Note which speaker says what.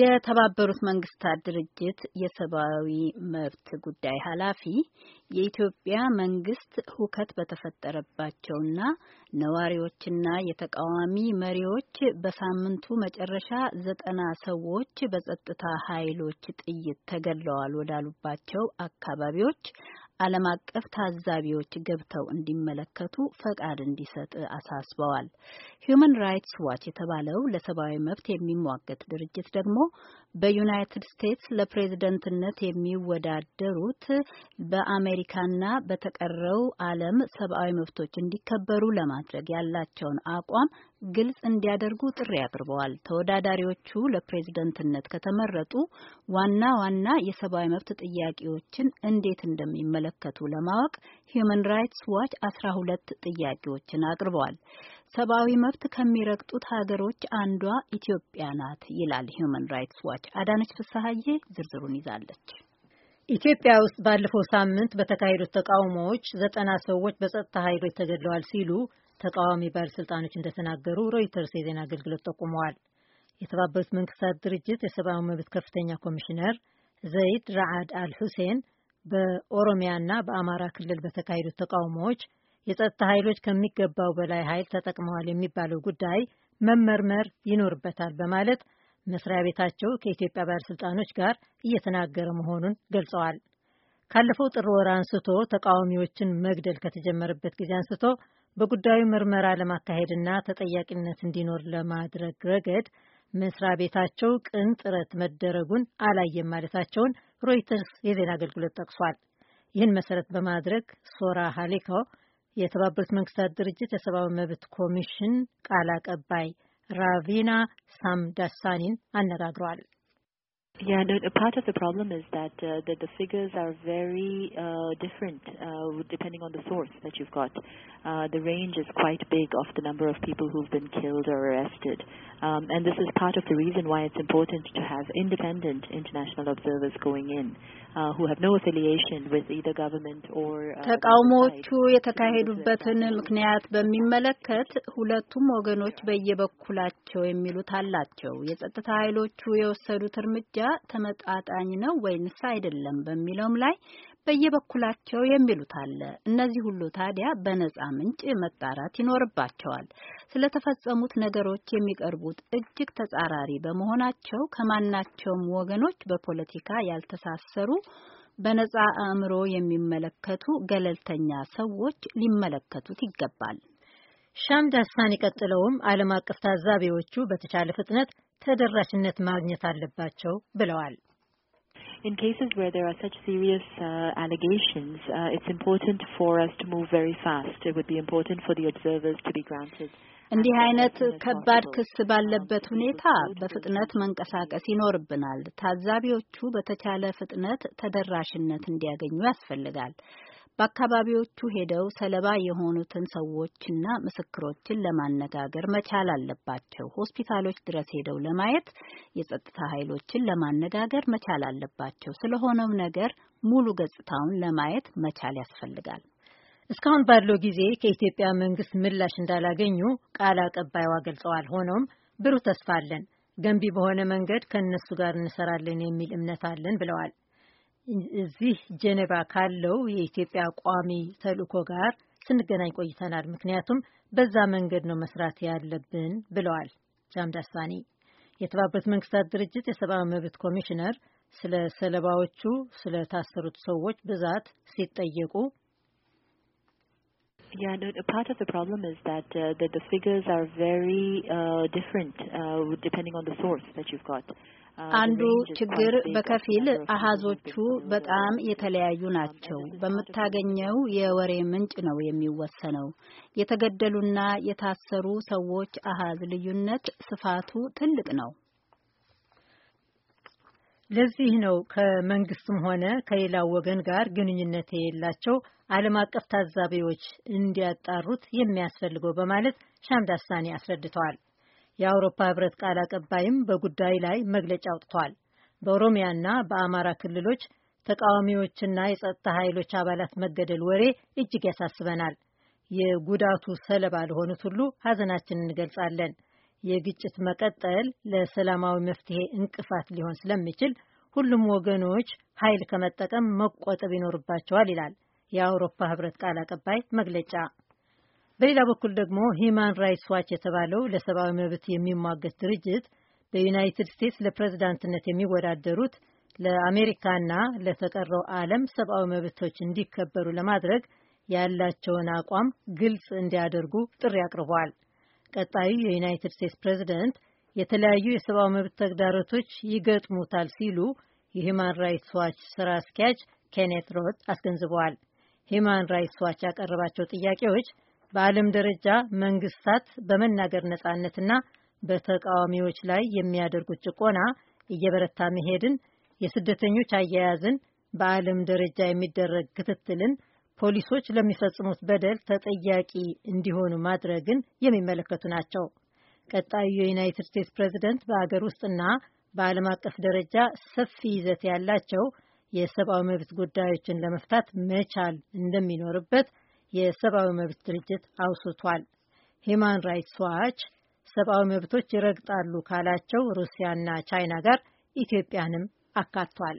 Speaker 1: የተባበሩት መንግስታት ድርጅት የሰብአዊ መብት ጉዳይ ኃላፊ የኢትዮጵያ መንግስት ሁከት በተፈጠረባቸውና ነዋሪዎችና የተቃዋሚ መሪዎች በሳምንቱ መጨረሻ ዘጠና ሰዎች በጸጥታ ኃይሎች ጥይት ተገድለዋል ወዳሉባቸው አካባቢዎች ዓለም አቀፍ ታዛቢዎች ገብተው እንዲመለከቱ ፈቃድ እንዲሰጥ አሳስበዋል። ሂዩማን ራይትስ ዋች የተባለው ለሰብአዊ መብት የሚሟገት ድርጅት ደግሞ በዩናይትድ ስቴትስ ለፕሬዝደንትነት የሚወዳደሩት በአሜሪካና በተቀረው ዓለም ሰብአዊ መብቶች እንዲከበሩ ለማድረግ ያላቸውን አቋም ግልጽ እንዲያደርጉ ጥሪ አቅርበዋል። ተወዳዳሪዎቹ ለፕሬዝደንትነት ከተመረጡ ዋና ዋና የሰብአዊ መብት ጥያቄዎችን እንዴት እንደሚመለከቱ ለማወቅ ሂዩማን ራይትስ ዋች አስራ ሁለት ጥያቄዎችን አቅርበዋል። ሰብአዊ መብት ከሚረግጡት ሀገሮች አንዷ ኢትዮጵያ ናት
Speaker 2: ይላል ሂዩማን ራይትስ ዋች። አዳነች ፍስሀዬ
Speaker 1: ዝርዝሩን ይዛለች።
Speaker 2: ኢትዮጵያ ውስጥ ባለፈው ሳምንት በተካሄዱት ተቃውሞዎች ዘጠና ሰዎች በጸጥታ ኃይሎች ተገድለዋል ሲሉ ተቃዋሚ ባለስልጣኖች እንደተናገሩ ሮይተርስ የዜና አገልግሎት ጠቁመዋል። የተባበሩት መንግስታት ድርጅት የሰብአዊ መብት ከፍተኛ ኮሚሽነር ዘይድ ራዓድ አል ሁሴን በኦሮሚያና በአማራ ክልል በተካሄዱት ተቃውሞዎች የጸጥታ ኃይሎች ከሚገባው በላይ ኃይል ተጠቅመዋል የሚባለው ጉዳይ መመርመር ይኖርበታል በማለት መስሪያ ቤታቸው ከኢትዮጵያ ባለስልጣኖች ጋር እየተናገረ መሆኑን ገልጸዋል። ካለፈው ጥር ወር አንስቶ ተቃዋሚዎችን መግደል ከተጀመረበት ጊዜ አንስቶ በጉዳዩ ምርመራ ለማካሄድና ተጠያቂነት እንዲኖር ለማድረግ ረገድ መስሪያ ቤታቸው ቅን ጥረት መደረጉን አላየም ማለታቸውን ሮይተርስ የዜና አገልግሎት ጠቅሷል። ይህን መሰረት በማድረግ ሶራ ሃሌኮ የተባበሩት መንግስታት ድርጅት የሰብአዊ መብት ኮሚሽን ቃል አቀባይ ራቪና ሳምዳሳኒን አነጋግረዋል። Yeah, no, part of the problem is that uh, the, the figures are
Speaker 1: very uh, different uh, depending on the source that you've got. Uh, the range is quite big of the number of people who've been killed or arrested. Um, and this is part of the reason why it's important to have independent international observers going in Uh, uh, ተቃውሞዎቹ የተካሄዱበትን ምክንያት በሚመለከት ሁለቱም ወገኖች በየበኩላቸው የሚሉት አላቸው። የጸጥታ ኃይሎቹ የወሰዱት እርምጃ ተመጣጣኝ ነው ወይንስ አይደለም በሚለውም ላይ በየበኩላቸው የሚሉት አለ። እነዚህ ሁሉ ታዲያ በነጻ ምንጭ መጣራት ይኖርባቸዋል። ስለተፈጸሙት ነገሮች የሚቀርቡት እጅግ ተጻራሪ በመሆናቸው ከማናቸውም ወገኖች በፖለቲካ ያልተሳሰሩ በነጻ አእምሮ የሚመለከቱ ገለልተኛ ሰዎች ሊመለከቱት ይገባል።
Speaker 2: ሻምዳሳን ቀጥለውም ዓለም አቀፍ ታዛቢዎቹ በተቻለ ፍጥነት ተደራሽነት ማግኘት አለባቸው ብለዋል። In cases where there are such serious uh,
Speaker 1: allegations, uh, it's important for us to move very fast. It would be important for the observers to be granted. እንዲህ አይነት ከባድ ክስ ባለበት um, ሁኔታ በፍጥነት መንቀሳቀስ ይኖርብናል። ታዛቢዎቹ በተቻለ ፍጥነት ተደራሽነት እንዲያገኙ ያስፈልጋል። በአካባቢዎቹ ሄደው ሰለባ የሆኑትን ሰዎችና ምስክሮችን ለማነጋገር መቻል አለባቸው። ሆስፒታሎች ድረስ ሄደው ለማየት፣ የጸጥታ ኃይሎችን ለማነጋገር መቻል አለባቸው። ስለሆነው ነገር ሙሉ ገጽታውን
Speaker 2: ለማየት መቻል ያስፈልጋል። እስካሁን ባለው ጊዜ ከኢትዮጵያ መንግስት ምላሽ እንዳላገኙ ቃል አቀባይዋ ገልጸዋል። ሆኖም ብሩህ ተስፋ አለን፣ ገንቢ በሆነ መንገድ ከእነሱ ጋር እንሰራለን የሚል እምነት አለን ብለዋል። እዚህ ጀኔቫ ካለው የኢትዮጵያ ቋሚ ተልእኮ ጋር ስንገናኝ ቆይተናል። ምክንያቱም በዛ መንገድ ነው መስራት ያለብን ብለዋል ጃምዳሳኒ። የተባበሩት መንግስታት ድርጅት የሰብአዊ መብት ኮሚሽነር ስለ ሰለባዎቹ ስለታሰሩት ሰዎች ብዛት ሲጠየቁ Yeah, no, part of the problem is
Speaker 1: that uh, the, the figures are very uh, different uh, depending on the source that you've got.
Speaker 2: አንዱ ችግር
Speaker 1: በከፊል አሃዞቹ በጣም የተለያዩ ናቸው። በምታገኘው የወሬ ምንጭ ነው የሚወሰነው። የተገደሉና የታሰሩ ሰዎች አሃዝ ልዩነት ስፋቱ ትልቅ ነው።
Speaker 2: ለዚህ ነው ከመንግስትም ሆነ ከሌላው ወገን ጋር ግንኙነት የሌላቸው ዓለም አቀፍ ታዛቢዎች እንዲያጣሩት የሚያስፈልገው በማለት ሻምዳሳኒ አስረድተዋል። የአውሮፓ ህብረት ቃል አቀባይም በጉዳዩ ላይ መግለጫ አውጥቷል። በኦሮሚያና በአማራ ክልሎች ተቃዋሚዎችና የጸጥታ ኃይሎች አባላት መገደል ወሬ እጅግ ያሳስበናል። የጉዳቱ ሰለባ ለሆኑት ሁሉ ሀዘናችን እንገልጻለን። የግጭት መቀጠል ለሰላማዊ መፍትሄ እንቅፋት ሊሆን ስለሚችል ሁሉም ወገኖች ኃይል ከመጠቀም መቆጠብ ይኖርባቸዋል ይላል የአውሮፓ ህብረት ቃል አቀባይ መግለጫ። በሌላ በኩል ደግሞ ሂማን ራይትስ ዋች የተባለው ለሰብአዊ መብት የሚሟገት ድርጅት በዩናይትድ ስቴትስ ለፕሬዝዳንትነት የሚወዳደሩት ለአሜሪካና ለተቀረው ዓለም ሰብአዊ መብቶች እንዲከበሩ ለማድረግ ያላቸውን አቋም ግልጽ እንዲያደርጉ ጥሪ አቅርቧል። ቀጣዩ የዩናይትድ ስቴትስ ፕሬዝደንት የተለያዩ የሰብአዊ መብት ተግዳሮቶች ይገጥሙታል ሲሉ የሂማን ራይትስ ዋች ስራ አስኪያጅ ኬኔት ሮት አስገንዝበዋል። ሂማን ራይትስ ዋች ያቀረባቸው ጥያቄዎች በዓለም ደረጃ መንግስታት በመናገር ነጻነትና በተቃዋሚዎች ላይ የሚያደርጉት ጭቆና እየበረታ መሄድን፣ የስደተኞች አያያዝን፣ በዓለም ደረጃ የሚደረግ ክትትልን፣ ፖሊሶች ለሚፈጽሙት በደል ተጠያቂ እንዲሆኑ ማድረግን የሚመለከቱ ናቸው። ቀጣዩ የዩናይትድ ስቴትስ ፕሬዚደንት በአገር ውስጥና በዓለም አቀፍ ደረጃ ሰፊ ይዘት ያላቸው የሰብአዊ መብት ጉዳዮችን ለመፍታት መቻል እንደሚኖርበት የሰብአዊ መብት ድርጅት አውስቷል። ሂማን ራይትስ ዋች ሰብአዊ መብቶች ይረግጣሉ ካላቸው ሩሲያና ቻይና ጋር ኢትዮጵያንም አካቷል።